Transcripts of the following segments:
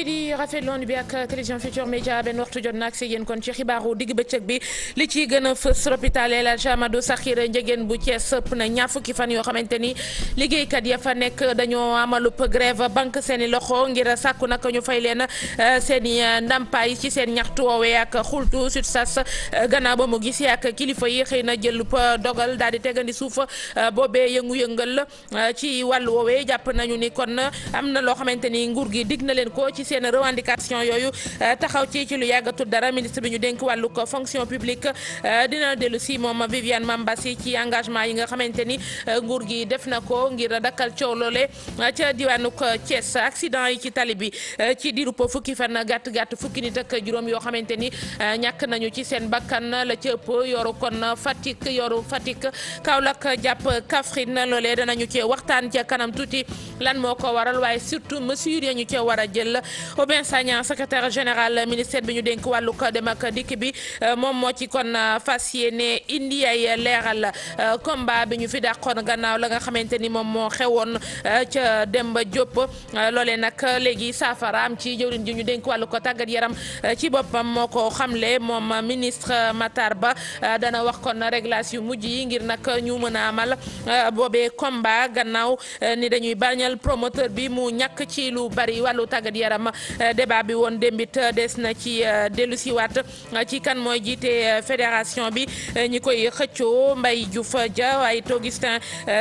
mbokki di rafetloon bi ak télévision Futurs Médias benn waxtu jot naag si yéen kon ci xibaaru digg bëccëg bi li ciy gën a fës l'hôpital El Hadj Amadou Sakhir Ndiéguène bu Thiès sëpp na ñaar fukki fan yoo xamante ni liggéeykat ya fa nekk dañoo amalub grève banque seen i loxo ngir sàkku nag ñu fay leen eh, seen i eh, ndàmpaay ci seen ñaxtu woowee ak xultu sut sas eh, gannaaw ba mu gisee ak kilifa yi xëy na jël dogal daal di tegandi suuf boobee yëngu-yëngal ci wàllu woowee jàpp na seen revendication yooyu euh, taxaw ci ci lu yàggatul dara ministre bi ñu dénk wàllu ko fonction publique euh, dina dellu si moom Viviane Mambassi ci engagement yi nga xamante ni euh, nguur gi def na ko ngir dakkal coow loole ca diwaanu cees accident yi ci tali bi ci diiru fukki fan gàtt gàtt fukki ni ak juróom yoo xamante ni ñàkk nañu ci seen bakkan la ca ëpp yoru kon Fatick yoru Fatick Kaolack jàpp Kaffrine loolee danañu ci waxtaan ca kanam tuuti lan moo ko waral waaye Aubin Sagna secrétaire général ministère bi ñu denk wàllu dem ak dikk bi euh, moom moo ci kon euh, fas yéene indi ay leeral euh, combat bi ñu fi dàqoon gannaaw la nga xamante ni moom moo xewoon ca dem ba Diop loole nag léegi saafara am ci jëwriñ ji ñu denk wàllu ko tàggat yaram ci boppam moo ko xamle moom ministre Matar Ba dana wax kon réglage yu mujj yi ngir nag ñu mën a amal boobe combat gannaaw ni dañuy bañal promoteur bi mu ñàkk ci lu bari wàllu tàggat yaram moom euh, débat bi woon démbit euh, des na ci euh, dellu siwaat ci kan mooy jiite fédération bi ñi koy xëccoo Mbaye Diouf Dia waaye Augustin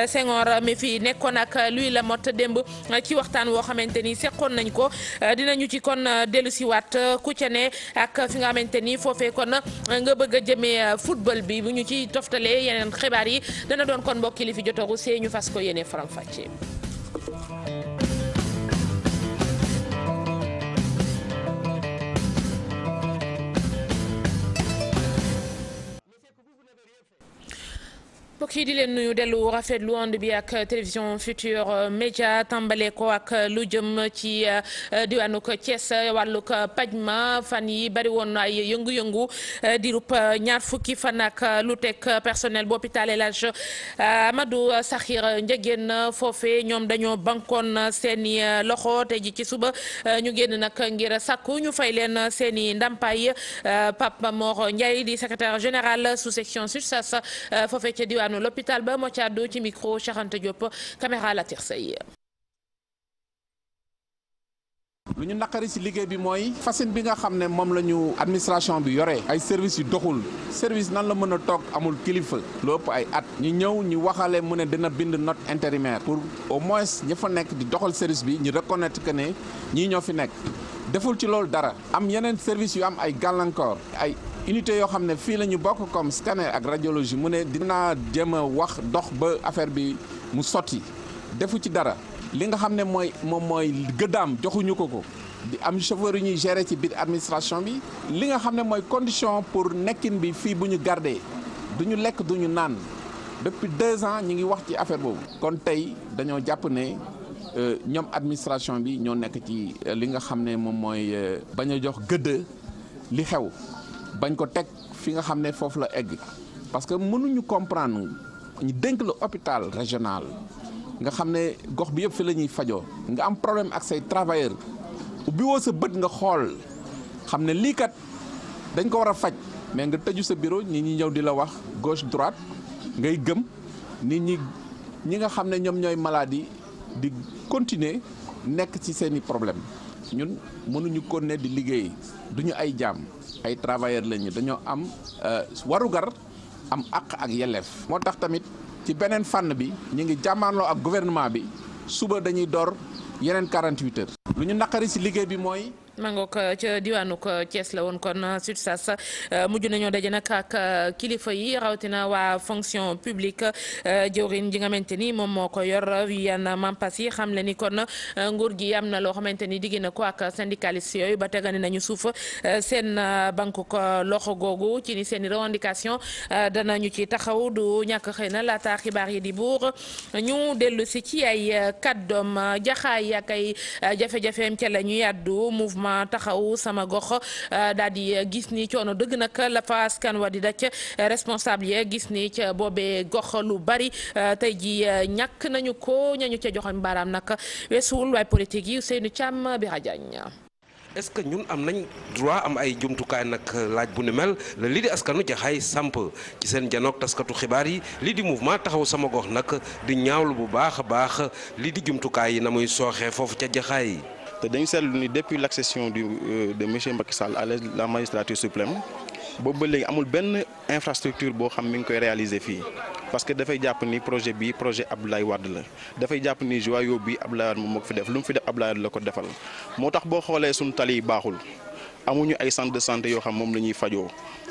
sengoor mi fi nekkoon ak luy la mot démb ci waxtaan woo xamante ni seqoon nañ ko dinañu ci kon dellu siwaat ku ca ne ak fi nga xamante ni foofee kon nga bëgg a jëmee football bi bu ñu ci toftalee yeneen xibaar yi dana doon kon mbokki li fi jotoru see ñu fas ko yenee faram mbokk yi di leen nuyu dellu rafetlu ànd bi ak télévision Futurs Médias tàmbale ko ak lu jëm ci euh, diwaanu Thiès wàllug paj ma fan yi bari woon ay yëngu-yëngu euh, diirub euh, ñaar fukki fan ak lu teg personnel bu hôpital El Hadj Amadou Sakhir Ndiéguène foofe ñoom dañoo bankoon seeni loxo te ji ci suba ñu génn nag ngir sàkku ñu fay leen seeni ndàmpaay Pape Mor Ndiaye di secrétaire général sous section SUTSAS foofe ca diwaanu diwaanu l'hôpital ba moo ci àddu ci micro Cheikh Anta la tirsa yi lu ñu naqari ci liggéey bi mooy façon bi nga xam ne moom la ñu administration bi yore ay service yu doxul service nan la mën a toog amul kilifa lu ëpp ay at ñu ñëw ñu waxale mu ne dina bind not intérimaire pour au moins ña fa nekk di doxal service bi ñu reconnaître que ne ñii ñoo fi nekk deful ci loolu dara am yeneen service yu am ay gàllankoor ay unité yoo xam ne fii la ñu bokk comme scanner ak radiologie mu ne dinaa jéem wax dox ba affaire bi mu sotti defu ci dara li nga xam ne mooy moom mooy gëddaam joxuñu ko ko di am chauffeur yu ñuy gérer ci biir administration bi li nga xam ne mooy condition pour nekkin bi fii bu ñu gardee du ñu lekk du ñu naan depuis deux ans ñu ngi wax ci affaire boobu kon tey dañoo jàpp ne euh, ñoom administration bi ñoo nekk ci li nga xam ne moom mooy euh, bañ a jox gëdd li xew bañ ko teg fi nga xam ne foofu la egg parce que mënuñu comprendre ñu dénk la hôpital régional nga xam ne gox bi yëpp fi la ñuy fajoo nga am problème ak say travailleur ubbi sa bët nga xool xam ne lii kat dañ ko war a faj mais nga tëju sa bureau ñi ñi ñëw di la wax gauche droite ngay gëm nit ñi ñi nga xam ne ñoom ñooy maladie di continuer nekk ci seeni problème ñun mënuñu kon ne di liggéey duñu ay jaam ay travailleur lañu dañoo am euh, warugar am àq ak yelleef. moo tax tamit ci beneen fànn bi ñu ngi jàmmaarloo ak gouvernement bi suba dañuy door yeneen 48 heures. lu ñu naqari si liggéey bi mooy. ma ngoog uh, ca diwaanu Thiès la woon kon uh, SUTSAS uh, mujj nañoo daje nag ak kilifa yi rawatina waa fonction publique jëwriñ ji nga xamante ni moom moo ko yor Viviane Mampassi yi xam le ni kon nguur gi am na loo xamante ni digg na ko ak syndicaliste yooyu ba tegani nañu suuf seen banque ko loxo googu ci ni seen i revendication ñu ci taxaw du ñàkk xëy na laata xibaar yi di buur ñu dellu ci ay kàddoom jaxaay ak ay jafe-jafeem ca la yàddu mouvement taxaw taxawu sama gox euh, daal di gis ni coono dëgg nag la fa askan wa di daj responsable yi gis ni ca boobee gox lu bari euh, tey ji euh, ñàkk nañu ko ñañu ca joxoñ baaraam nag weesuwul waay politique yi Ousseynou Thiam bi Radiagne. est-ce que ñun am nañ droit am ay jumtukaay nag laaj bu ni mel la lii di askanu jaxaay samp ci seen janoog taskatu xibaar yi lii di mouvement taxaw sama gox nag di ñaawlu bu baax a baax li di jumtukaay yi na muy sooxee foofu ca jaxaay te dañu seetlu ni depuis l' accession du euh, de monsieur Macky Sall à la magistrature suprême boobu ba léegi amul benn infrastructure boo xam mi ngi koy réaliser fii parce que dafay jàpp ni projet bi projet Abdoulaye Wade la dafay jàpp ni joyau bi Abdoulaye Wade moom moo fi def lu mu fi def Abdoulaye Wade la ko defal moo tax boo xoolee suñu tali yi baaxul amuñu ay centre de santé yoo xam moom la ñuy fajoo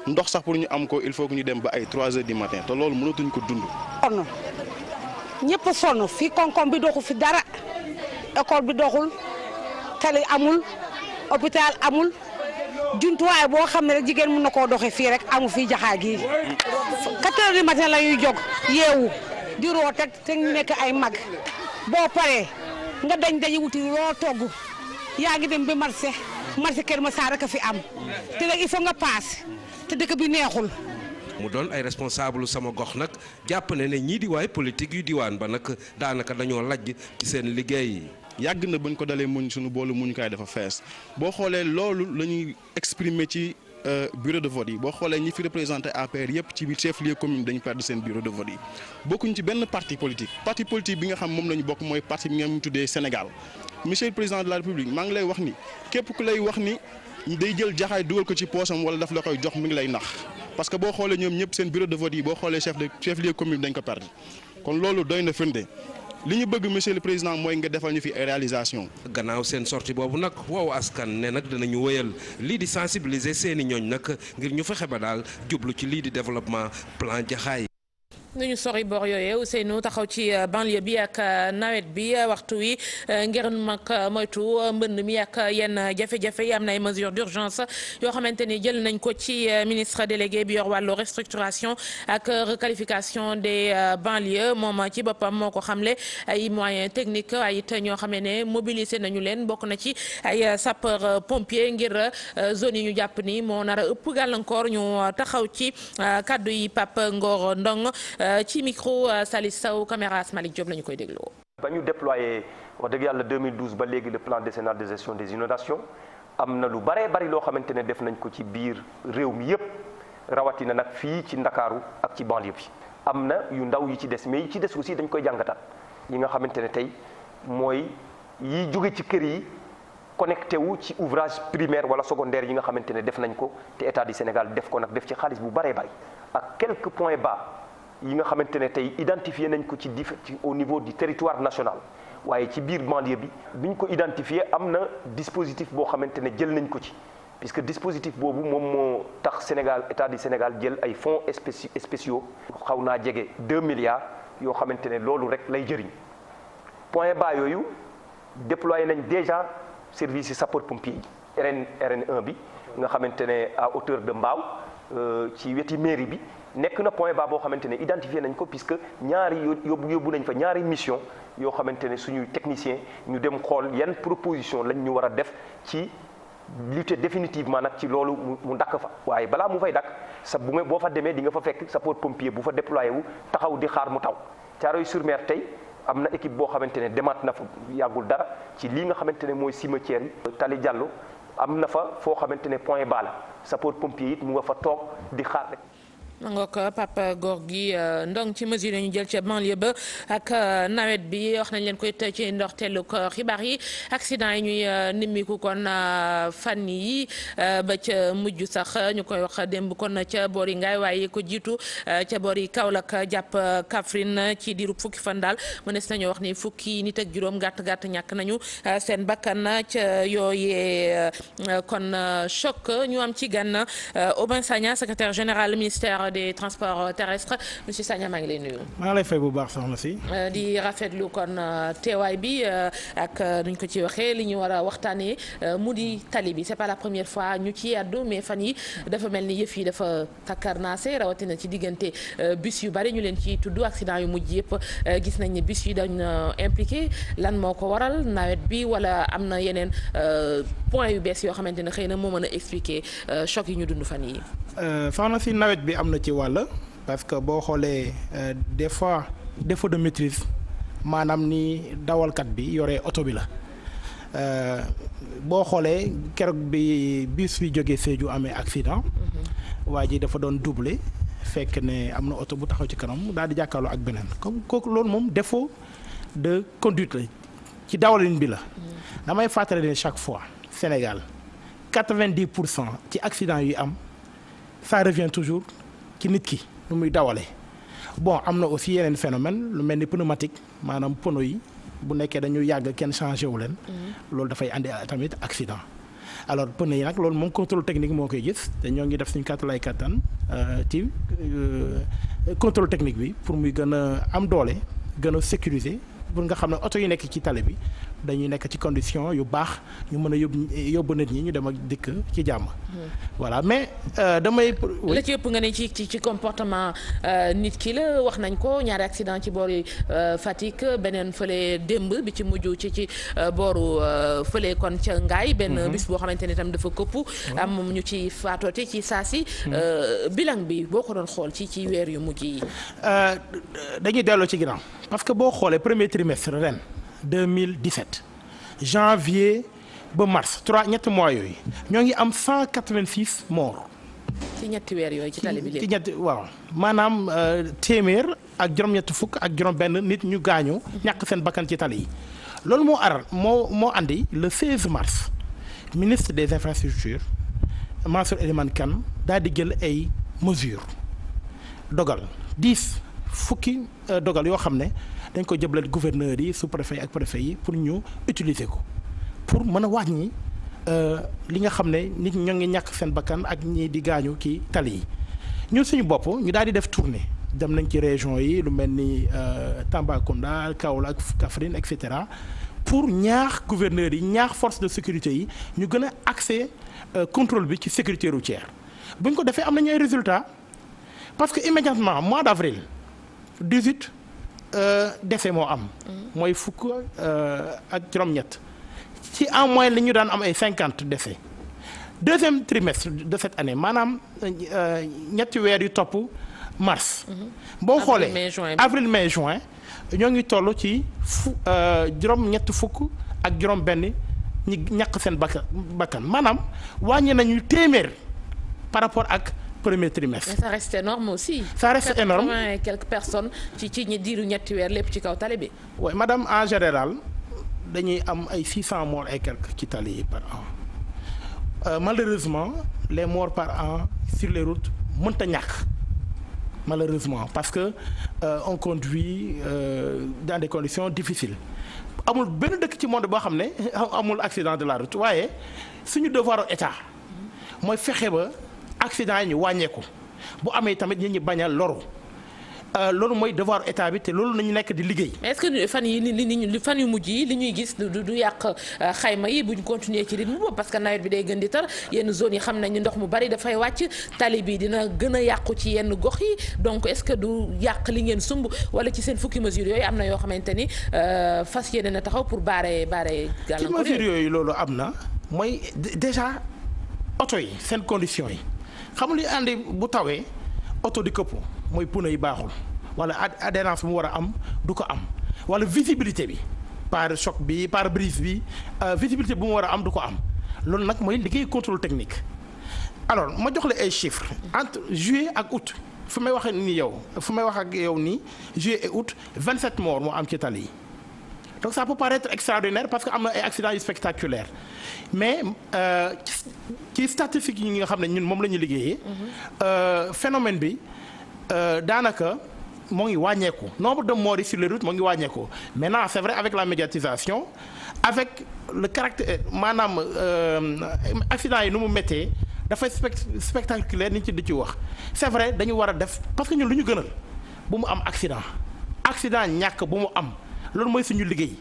ndox sax pour ñu am ko il faut que ñu dem ba ay 3 heures du matin te loolu mënatuñ ko dund. sonn ñëpp sonn fii koom-koom tali amul hôpital amul jumtuwaay boo xam ne rek jigéen mun na koo doxee fii rek amu fii jaxaa gii quatre heures du matin la ñuy jóg yeewu di roote te nekk ay mag boo paree nga dañ dañuy wuti loo togg yaa ngi dem ba marché marché Kër Massar rek a fi am te nag il nga paas te dëkk bi neexul. mu doon ay responsable sama gox nag jàpp ne ne ñii di waay politique yu diwaan ba nag daanaka dañoo lajj ci seen liggéey. yàgg na bañ ko dalee muñ suñu boolu muñukaay dafa fees boo xoolee loolu la ñuy exprimer ci euh, bureau de vote yi boo xoolee ñi fi représenté APR yëpp ci biir chef lieu commune dañu perdre seen bureau de vote yi bokkuñ ci benn parti politique parti politique bi nga xam moom la ñu bokk mooy parti bi nga mu tuddee Sénégal monsieur le président de la république maa ngi lay wax ni képp ku lay wax ni day jël jaxaay dugal ko ci poosam wala daf la koy jox mi ngi lay nax parce que boo xoolee ñoom ñëpp seen bureau de vote xoolee chef de chef lieu commune dañ ko perdre kon loolu doy na firnde li ñu bëgg monsieur le président mooy nga defal ñu fi ay réalisation gannaaw seen sortie boobu nag waaw askan ne nag danañu wëyal lii di sensibiliser seeni ñooñ nag ngir ñu fexe ba daal jublu ci lii di développement plan jaxaay nañu sori bor yooyee Ousseynou taxaw ci euh, banlieue bi ak euh, nawet bi euh, waxtu wi ngir mag moytu mbënd mi ak yenn jafe-jafe yi am na ay mesures d'urgence yoo xamante ni jël nañ ko ci ministre délégué bi yor wàllu restructuration ak requalification des banlieues moom ci boppam moo ko xamle ay moyens techniques ay it ñoo xam ne mobiliser nañu leen bokk na ci ay sapeur pompier ngir zone yi ñu jàpp ni moo nar a ëpp gàllankoor ñu taxaw ci kàddu yi Pape Ngor Ndong Euh, ci micro euh, Salis Sow caméras Malick Diop la ñu koy dégloo. ba ñu déployé wax dëgg yàlla 2012 ba léegi le plan décennal de gestion des inondations am na lu baree bari loo xamante ne def nañ ko ci biir réew mi yépp rawatina nag fii ci ndakaaru ak ci banlieue bi am na yu ndaw yi ci des mais yi ci des aussi dañ koy jàngataat yi nga xamante ne tey mooy yi jóge ci kër yi connecté wu ci ouvrage primaire wala secondaire yi nga xamante ne def nañ ko te état du Sénégal def ko nag def ci xaalis bu baree bari yi nga xamante ne tey identifié nañ ko ci ci au niveau du territoire national waaye ci biir banlieue bi bi ñu ko identifié am na dispositif boo xamante ne jël nañ ko ci puisque dispositif boobu moom moo tax Sénégal état du Sénégal jël ay fonds spéci spéciaux xaw naa jege 2 milliards yoo xamante ne loolu rek lay jëriñ point bas yooyu déployé nañ déjà service yi sapeur pompier yi RN RN1 bi nga xamante ne à hauteur de Mbao Euh, ci weti mairie bi nekk na point baa boo xamante ne identifié nañ ko puisque ñaari yóbbu yóbbu nañ fa ñaari mission yoo xamante ne suñuy technicien ñu dem xool yan proposition lañ ñu war a def ci lutter définitivement nag ci loolu mu dakk fa waaye balaa mu fay dakk sa bu boo fa demee di nga fa fekk sa sapeur pompier bu fa déployé wu taxaw di xaar mu taw Thiaroye-sur-Mer tey am na équipe boo xamante ne demaat na fa yàggul dara ci lii nga xamante ne mooy cimetière yi Tali Diallo am na fa foo xamante ne point bala sapeur pompier it mu nga fa toog di xaar rek nga ko Papa Gorgui euh, Ndong ci mesure yi ñu jël ca banlieue ba ak euh, nawet bi wax nañ leen koy tëj ci ko xibaar yi accident yi ñuy euh, nimmiku kon fan yi ba ca mujj sax ñu koy wax démb kon ca boor yi ngaay waaye ko jiitu ca boor yi Kaolack jàpp Kaffrine ci diiru fukki fan daal mënees nañoo wax ni fukki nit ak juróom gàtt gàtt ñàkk nañu seen bakkan ca yooyee kon choc ñu am ci gan Aubin Sagna secrétaire général ministère ministère des transports euh, terrestres monsieur Sagna maa ngi lay nuyu. maa ngi lay fay bu baax soxna si. Euh, di rafetlu kon euh, teewaay bi ak nuñ ko ci waxee li ñu war a waxtaanee mu di tali bi c'est pas la première fois ñu ci àddu mais fan yi dafa mel ni yëf yi dafa takkar naa takkarnaase rawatina ci diggante bus yu bari ñu leen ci tudd accident yu mujj yëpp gis nañ ne bus yi dañ impliqué lan moo ko waral nawet bi wala am na yeneen point yu bees yoo xamante ne xëy na moo mën a expliquer choc yi ñu dund fan yi na ci wàll parce que boo xoolee euh, des fois défaut de maîtrise maanaam ni dawalkat bi yore oto bi la euh, boo xoolee keroog bi bis bi jógee Sédhiou amee accident mhm. waa ji dafa doon double fekk ne am na oto bu taxaw ci kanam daal di jàkkaarloo ak beneen comme kooku loolu moom défaut de conduite la ci dawalin bi la mhm. damay fàttali ne chaque fois Sénégal quatre-vingt-dix pour cent ci accident yi am ça revient toujours ci nit ki nu muy dawale bon am na aussi yeneen phénomène lu mel ni pneumatique maanaam pono yi bu nekkee dañuy yàgg kenn changé wu leen. Mm-hmm. loolu dafay andi tamit accident. alors pneu yi nag loolu moom contrôle technique moo koy gis te ñoo ngi def suñu kàttalaay kattan euh, ci euh, contrôle technique bi pour muy gën a am doole gën a sécuriser pour nga xam ne oto yi nekk ci tale bi dañuy nekk ci condition yu baax ñu mën a yóbbu yóbbu nit ñi ñu dem ak dikk ci jàmm. voilà mais euh, damay. la ci ëpp nga ne ci ci comportement euh, nit ki la wax nañ ko ñaari accident ci boori euh, Fatick beneen fële démb bi ci mujj ci ci booru fële kon ca Ngaay benn mhm. bis boo xamante ne tam dafa këpp. am ñu ci faatoote ci saa si. Mhm. bilan bi boo ko doon xool ci ci weer yu mujj yi. dañuy delloo ci ginnaaw parce que boo xoolee premier trimestre ren. 2017 janvier ba mars trois ñetti mois yooyu ñoo ngi am 186 morts. ci ñetti weer yooyu ci tali bi léegi ci ñetti waaw maanaam euh, téeméer ak juróom-ñetti fukk ak juróom-benn nit ñu gaañu. Mhm. ñàkk seen bakkan ci tali yi. loolu moo aral moo moo andi le 16 mars ministre des infrastructures Mansour Elimane Kane daal di jël ay mesures dogal 10 fukki euh, dogal yoo xam ne. dañ ko jëbale gouverneur yi sous-préfet ak préfet yi pour ñu utiliser ko pour mën a wàññi euh, li nga xam ne nit ñoo ngi ñàkk seen bakkan ak ñii di gaañu ci tali yi ñun suñu bopp ñu daal di def tournée dem nañ ci région yi lu mel ni euh, Tambacounda Kaolack Kaffrine et cetera pour ñaax gouverneurs yi ñaax force de sécurité yi ñu gën a accès euh, contrôle bi ci sécurité routière bu ñu ko defee am nañu ay résultats parce que immédiatement mois d' avril 18 Euh, décès moo am. mooy fukk euh, ak juróom-ñett ci en moyenne li ñu daan am ay cinquante décès deuxième trimestre de cette année maanaam euh, ñetti weer yu topp mars. Mm-hmm. boo xoolee avril mais juin ñoo ngi toll ci fu juróom-ñett fukk ak juróom-benn ñi ñàkk seen bakkan bakkan maanaam wàññi nañu téeméer par rapport ak. premier trimestre. mais ça reste énorme aussi. ça reste énorme et quelques ci ci ñi diiru ñetti weer lépp ci kaw tali bi. oui madame en général dañuy am ay six cent morts ay quelques ci tali par an euh, malheureusement les morts par an sur les routes mënta ñàkk malheureusement parce que euh, on conduit euh, dans des conditions difficiles. amul benn dëkk ci monde boo xam ne amul accident de la route waaye suñu devoir état mooy fexe ba. accident yi ñu wàññeeku bu amee tamit nit ñi bañ a loru euh, loolu mooy devoir état bi te loolu nañu nekk di liggéey. mais est-ce que fan yi li li fan yu mujj yi li ñuy gis du du yàq euh, xayma yi buñ continuer ci rythme boobu parce que nawet bi day gën di tar yenn zone yi xam nañu ndox mu bari dafay wàcc tali bii dina gën a yàqu ci yenn gox yi donc est-ce que du yàq li ngeen sumb wala ci seen fukki mesures yooyu am na yoo xamante ni euh, fas yéene na taxaw pour baare baare. gàllankoor ci mesures yooyu loolu am na mooy déjà oto yi seen conditions yi. xam li andi bu tawee auto di këpp mooy pneu yi baaxul wala adhérence mu war a am du ko am wala visibilité bi par choc bi pare-brise bi euh, visibilité bu mu war a am du ko am loolu nag mooy liggéey contrôle technique alors ma jox la ay chiffres entre juillet ak aut fu may waxee ni yow fu may wax ak yow nii juillet et août 27 morts moo am ci tali yi. donc ça peut paraître extraordinaire parce que am na ay accidents yu spectaculaires mais euh, ci statistique yi nga xam ne ñun moom la ñu liggéeyee. Euh, phénomène bi euh, daanaka. moo ngi wàññeeku nombre de morts yi sur les moo ngi wàññeeku maintenant c'est vrai avec la médiatisation avec le caractère maanaam accident yi nu mu méttee dafay spectaculaire nit ci di ci wax c'est vrai dañu war a def parce que ñun lu ñu gënal bu mu am accident accident ñàkk bu mu am loolu mooy suñu liggéey.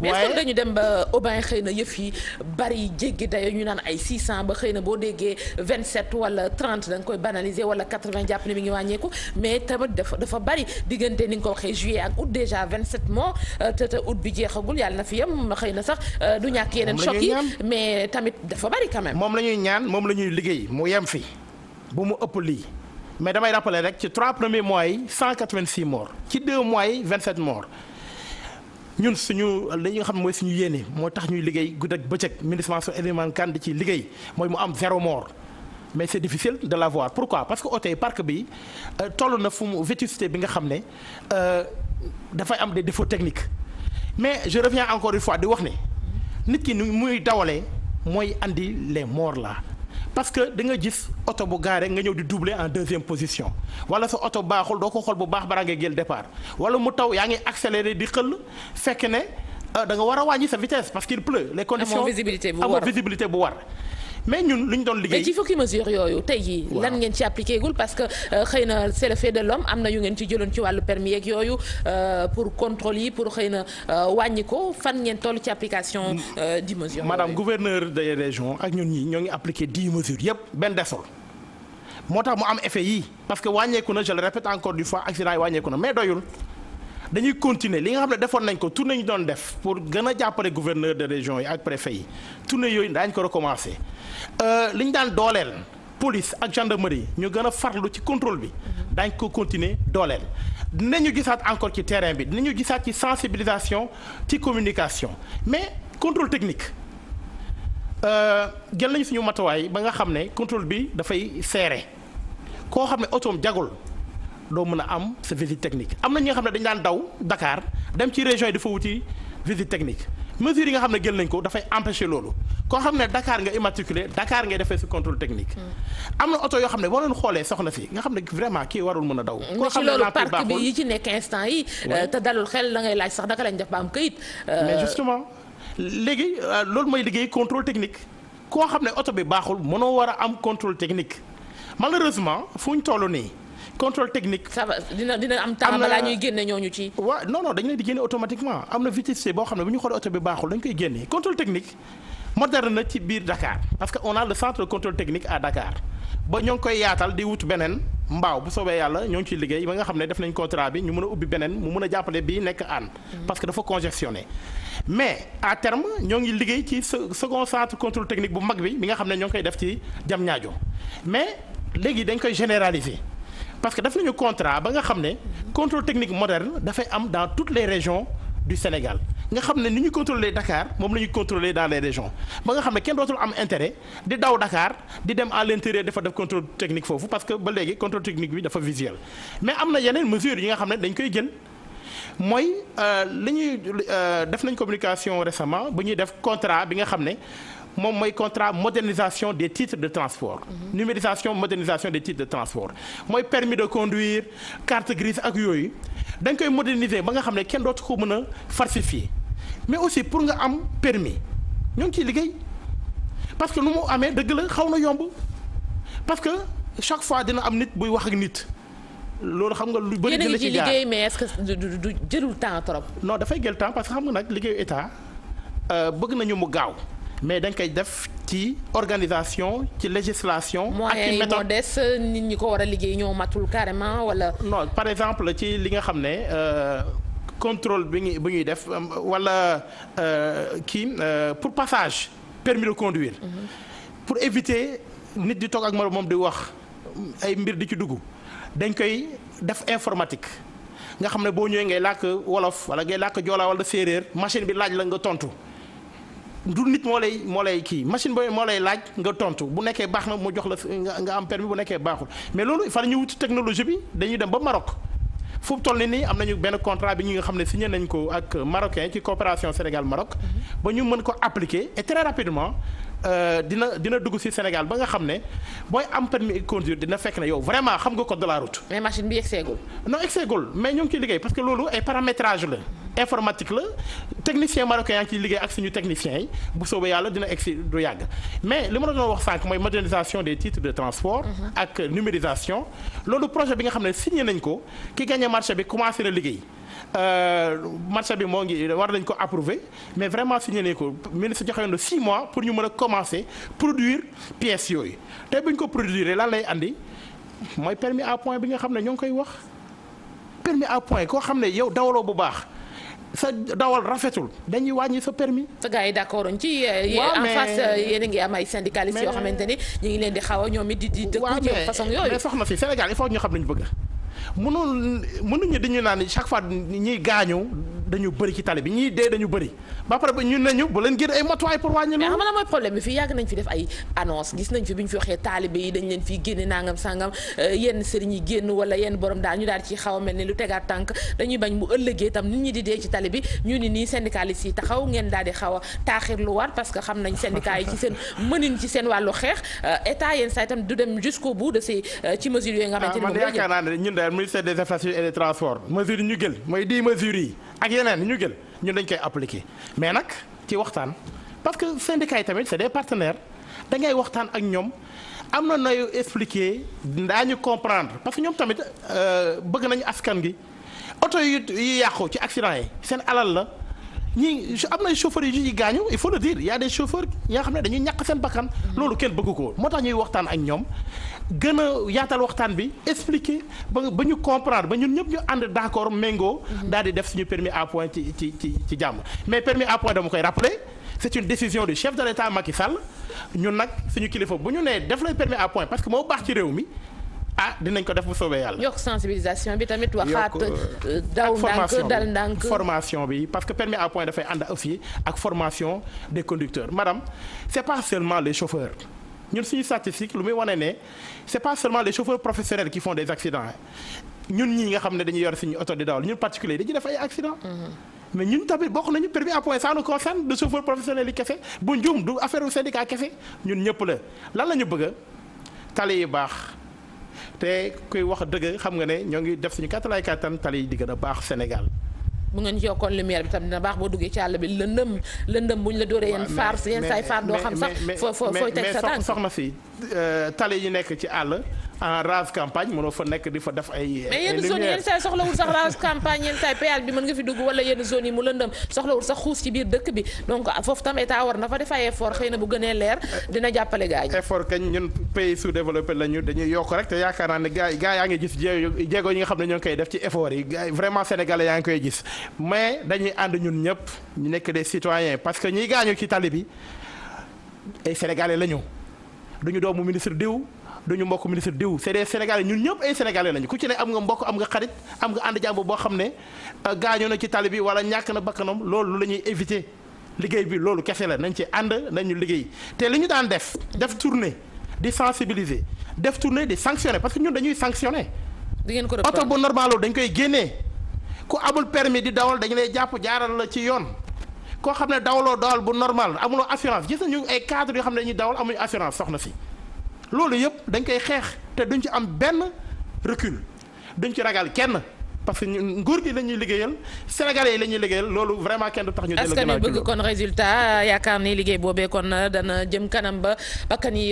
mais est-ce dañu dem ba Aubin xëy na yëf yi bari jéggi dayo ñu naan ay 600 ba xëy na boo déggee 27 wala 30 da nga koy banaliser wala 80 jàpp ne mi ngi wàññeeku mais tamit dafa bari diggante ni nga ko waxee juillet ak août déjà 27 mois euh, te te août bi jeexagul yàlla na fi yem xëy na sax euh, du ñàkk yeneen choc yi mais tamit dafa bari quand moom la ñuy ñaan moom la ñuy liggéey mu yem fi bu mu ëpp lii mais damay rappeler rek ci 3 premiers mois yi 186 morts ci 2 mois yi 27 morts. ñun suñu li nga xam mooy suñu yéene moo tax ñuy liggéey gudd ak bëccëg ministre Mansour Elimane Kane ci liggéey mooy mu am zéro mort mais c'est difficile de l'avoir pourquoi parce que oto yi parc bi euh, toll na fu mu vétusté bi nga xam ne euh, dafay am des défauts technique mais je reviens encore une fois di wax ni nit ki nu muy dawalee mooy indi les morts là. parce que da nga gis oto bu gaare nga ñëw di duble en deuxième position wala sa oto baaxul doo ko xol bu baax bara nga jël départ wala mu taw yaa ngi accéléré di xëll fekk ne euh, da nga war a wàññi sa vitesse parce qu'il pleut les conditions amoo visibilité bu war mais ñun lu ñu doon liggéey. mais ci fukki mesure yooyu tey jii. lan ngeen ci appliqué gul parce que euh, xëy na c'est le fait de l'homme am na yu ngeen ci jëloon ci wàllu permis yooyu euh, pour contrôle yi pour xëy na euh, wàññi ko fan ngeen toll ci application. di mesure madame gouverneur des régions ak ñun ñi ñoo ngi appliqué dix mesures yëpp benn desul. moo tax mu am effet yi parce que wàññeeku na je le répète encore une fois accident yi wàññeeku na mais doyul. dañuy continuer li nga xam ne defoon nañ ko tournée ñu doon def pour gën a jàppale gouverneur de région yi ak préfet yi tournée yooyu dañ ko recommencer euh, li ñu daan dooleel police ak gendarmerie ñu gën a farlu ci contrôle bi daañ ko continuer dooleel dinañu gisaat encore ci terrain bi dinañu gisaat ci sensibilisation ci communication mais contrôle technique euh, jël nañu suñu matuwaay ba nga xam ne contrôle bi dafay serré koo xam ne otoom jagul doo mën a am sa visite technique am na ñoo xam ne dañu daan daw dakaar dem ci région yi dafa wuti visite technique mesure yi nga xam ne jël nañ ko dafay empêcher loolu koo xam ne Dakar nga immatriculé dakaar ngay defee si contrôle technique. Mm. am na oto yoo xam ne boo leen xoolee soxna si nga xam ne vraiment kii warul mën a daw. Mm, koo xam ne loolu parc bi yi ci nekk instant yi euh, te dalul xel la ngay laaj sax naka lañ def ba am këyit. Euh. mais léegi euh, loolu mooy liggéey contrôle technique koo xam ne oto bi baaxul mënoo war a am contrôle technique malheureusement fu ñu toll nii. contrôle technique. ça va dina am temps balaa ñuy génne ñooñu ci. waaw non non dañu leen di génne automatiquement am na vitesse boo xam ne bu ñu xoolee oto bi baaxul dañ koy génne contrôle technique moderne na ci biir Dakar parce que on a le centre de contrôle technique à Dakar ba ñoo ngi koy yaatal di wut beneen mbaaw bu soobee yàlla ñoo ngi ci liggéey ba nga xam ne def nañ contrat bi ñu mën a ubbi beneen mu mën a jàppale bii nekk aan mm. parce que dafa congestionné à terme ñoo ngi liggéey ci second centre contrôle technique bu mag bi mi xam ne ñoo ngi koy def ci mais léegi dañ koy généraliser. parce que daf nañu contrat ba nga xam ne contrôle technique moderne dafay am dans toutes les régions du Sénégal nga xam ne ni ñu contrôler Dakar moom la ñuy contrôler dans les régions ba nga xam ne kenn dootul am intérêt di daw Dakar di dem à l'intérieur dafa def contrôle technique foofu parce que ba léegi contrôle technique bi dafa visuel mais am na yeneen mesures yi nga xam ne dañ koy jël mooy euh, li ñuy euh, def nañ communication récemment bu ñuy def contrat bi nga xam ne moom mooy contrat modernisation des titres de transport. Mm -hmm. numérisation modernisation des titres de transport mooy permis de conduire carte grise ak yooyu dañ koy moderniser ba nga xam ne kenn dootu ko mën a falsifier mais aussi pour nga am permis ñoo ngi ciy liggéey parce que nu mu amee dëgg la xaw na yomb parce que chaque fois dina am nit buy wax ak nit. loolu xam nga lu bëri dina ci liggéey mais est-ce que du jëlul temps trop. non dafay jël temps parce que xam nga nag liggéeyu état euh, bëgg nañu mu gaaw mais dañ koy def ci organisation ci législation. ak ci méthode des nit ñi ko war a liggéey ñoo matul carrément wala. non par exemple ci li nga xam ne euh, contrôle bi ñuy ñuy def euh, wala kii pour passage permis de conduire. Mhm. pour éviter nit di toog ak moom di wax ay mbir di ci duggu dañ koy def informatique nga xam ne boo ñëwee ngay làkk wolof wala ngay làkk joolaa wala séeréer machine bi laaj la nga tontu du nit moo lay moo lay kii machine boobu moo lay laaj nga tontu bu nekkee baax na mu jox la nga am permis bu nekkee baaxul mais loolu fan ñu wuti technologie bi dañuy dem ba Maroc fu mu toll nii am nañu benn contrat bi ñi nga xam ne signé nañ ko ak marocain ci coopération Sénégal Maroc mm-hmm. ba ñu mën ko appliquer et très rapidement Euh, dina dina dugg si Sénégal ba nga xam ne booy am permis conduire dina fekk ne yow vraiment xam nga ko de la route. mais machine bi egseegul. non egseegul mais ñu ngi ciy liggéey parce que loolu ay paramétrage la. informatique la technicien marocain yaa ngi ciy liggéey ak suñu technicien yi bu soobee yàlla dina egsi du yàgg mais li ma la doon wax sànq mooy modernisation des titres de transport. Mhm. ak numérisation. loolu projet bi nga xam ne signé nañ ko ki gagné marché bi commencé na liggéey. Euh, marché bi moo ngi war nañ ko approuvé mais vraiment signé nañ ko ministre joxe na 6 mois pour ñu mën a commencer produire pièces yooyu te bu ñu ko produire lan lay andi mooy permis à point bi nga xam ne ñoo ngi koy wax. permis à point koo xam ne yow dawaloo bu baax sa dawal rafetul dañuy wàññi sa permis sa gars yi d'accord ci en face euh, yéen a ngi am ay yoo xamante ni ñu ngi leen di xaw a ñoom it di di dëkku ci façon yooyu mais soxna si Sénégal il faut ñu xam mënul mënuñu dañu naan chaque fois ñiy gaañu dañu bëri ci tali bi ñiy dee dañu bëri ba pare ba ñun nañu bu leen génn ay matuwaay pour wàññi. mais xam nga mooy problème bi fii yàgg nañ fi def ay annonce gis nañ fi bi ñu fi waxee taalibe yi dañ leen fiy génne nangam sangam euh, yenn sëriñ yi génn wala yenn borom daal ñu daal ci xaw a mel ni lu tegaat tànk dañuy bañ mu ëllëgee tam nit ñi di dee ci tali bi ñu ni nii syndicalistes yi taxaw ngeen daal di xaw a taaxirluwaat parce que xam nañ syndicat yi ci seen mënin ci seen wàllu xeex euh, état yenn saa itam du dem jusqu'au bout de ces euh, ci mesures yooyu nga ah, xamante ni ministère des infrastructures et des transports mesures ñu jël mooy di mesures yi ak yeneen yi ñu jël ñun lañ koy appliquer mais nag ci waxtaan parce que syndicats yi tamit c'est des partenaires da ngay waxtaan ak ñoom am na nooy expliquer daañu comprendre parce que ñoom tamit euh, bëgg nañu askan gi oto yu yu yàqu ci accident yi seen alal la. ñii am na chauffeurs yu ci gaañu il faut le dire y a des chauffeurs xam ne dañuy ñàkk seen bakkan loolu kenn bëgg ko moo tax ñuy waxtaan ak ñoom gën a yaatal waxtaan bi expliquer ba ba ñu comprendre ba ñun ñëpp ñu ànd d'accord méngoo mhm. daal di def suñu permis à point ci ci ci ci jàmm mais permis à point dama koy rappeler c'est une décision du chef de l'État Macky Sall ñun nag suñu kilifa bu ñu nee def lay permis à point parce que moo baax ci réew mi ah dinañ ko def bu soobee yàlla. yokk sensibilisation bi tamit waxaat. Euh, daw ndànk formation bi parce que permis à point dafay ànd aussi ak formation des conducteurs madame c'est pas seulement les chauffeurs. ñun suñu statistique lu muy wane ne c'est pas seulement les chauffeurs professionnels qui font des accidents ñun ñi nga xam ne dañuy yor ñu oto di dawal ñun particulier dañuy def ay accidents. Mm-hmm. mais ñun tamit bokk nañu permis à point ça nous concerne de chauffeur professionnel yi kese bu njuum du affaire syndicat kese ñun lan la ñu bëgg tali yi baax. te kuy wax dëgg xam nga ne ñoo ngi def suñu kàttalaay kàttan tali yi di gën a baax Sénégal. bu ngeen yokkoon lumière bi tam dina baax boo duggee ci àll bi lëndëm lëndëm buñ la dooree yenn faar yenn saay faar doo xam sax. foo foo fooy teg sa tànk mais soxna si euh, tali yi nekk ci àll. en rase campagne mënoo fa nekk di fa def ay. mais yenn zone yi sax rase campagne yenn saa yi péage bi mën nga fi dugg wala yenn zone yi mu lëndëm soxlawul sax xuus ci biir dëkk bi donc ah, foofu tam état war na fa def ay effort xëy na bu gënee leer dina jàppale gars yi. effort kañ ñun pays sous développé la ñu dañuy yokk rek te yaakaar naa ne gars yi gars yaa ngi gis jéego yi nga xam ne ñoo ngi koy def ci effort yi vraiment sénégalais yaa ngi koy gis mais dañuy ànd ñun ñëpp ñu nekk des citoyens parce que ñiy gaañu ci tali bi ay sénégalais ñu duñu doomu ministre diw duñu mbokk ministre diw c'est des sénégalais ñun ñëpp ay sénégalais lañu ku ci ne am nga mbokk am nga xarit am nga ànd jàmb boo xam ne euh, gaañoo na ci tali bi wala ñàkk na bakkanam loolu la ñuy éviter liggéey bi loolu kese la nañ ci ànd nañu liggéey te li ñu daan def def tournée di sensibiliser def tournée di sanctionner parce que ñun dañuy sanctionner oto bu normal dañ koy génnee ku amul permis di dawal dañu lay jàpp jaaral la ci yoon koo xam ne dawaloo dawal bu normal amuloo assurance gis ay cadres yoo xam ne dañuy dawal amuñu assurance soxna si loolu yëpp dañ koy xeex te duñ ci am benn recul duñ ci ragal kenn. parce que ñun nguur gi la ñuy liggéeyal sénégalais yi la ñuy liggéeyal loolu vraiment kenn du tax ñu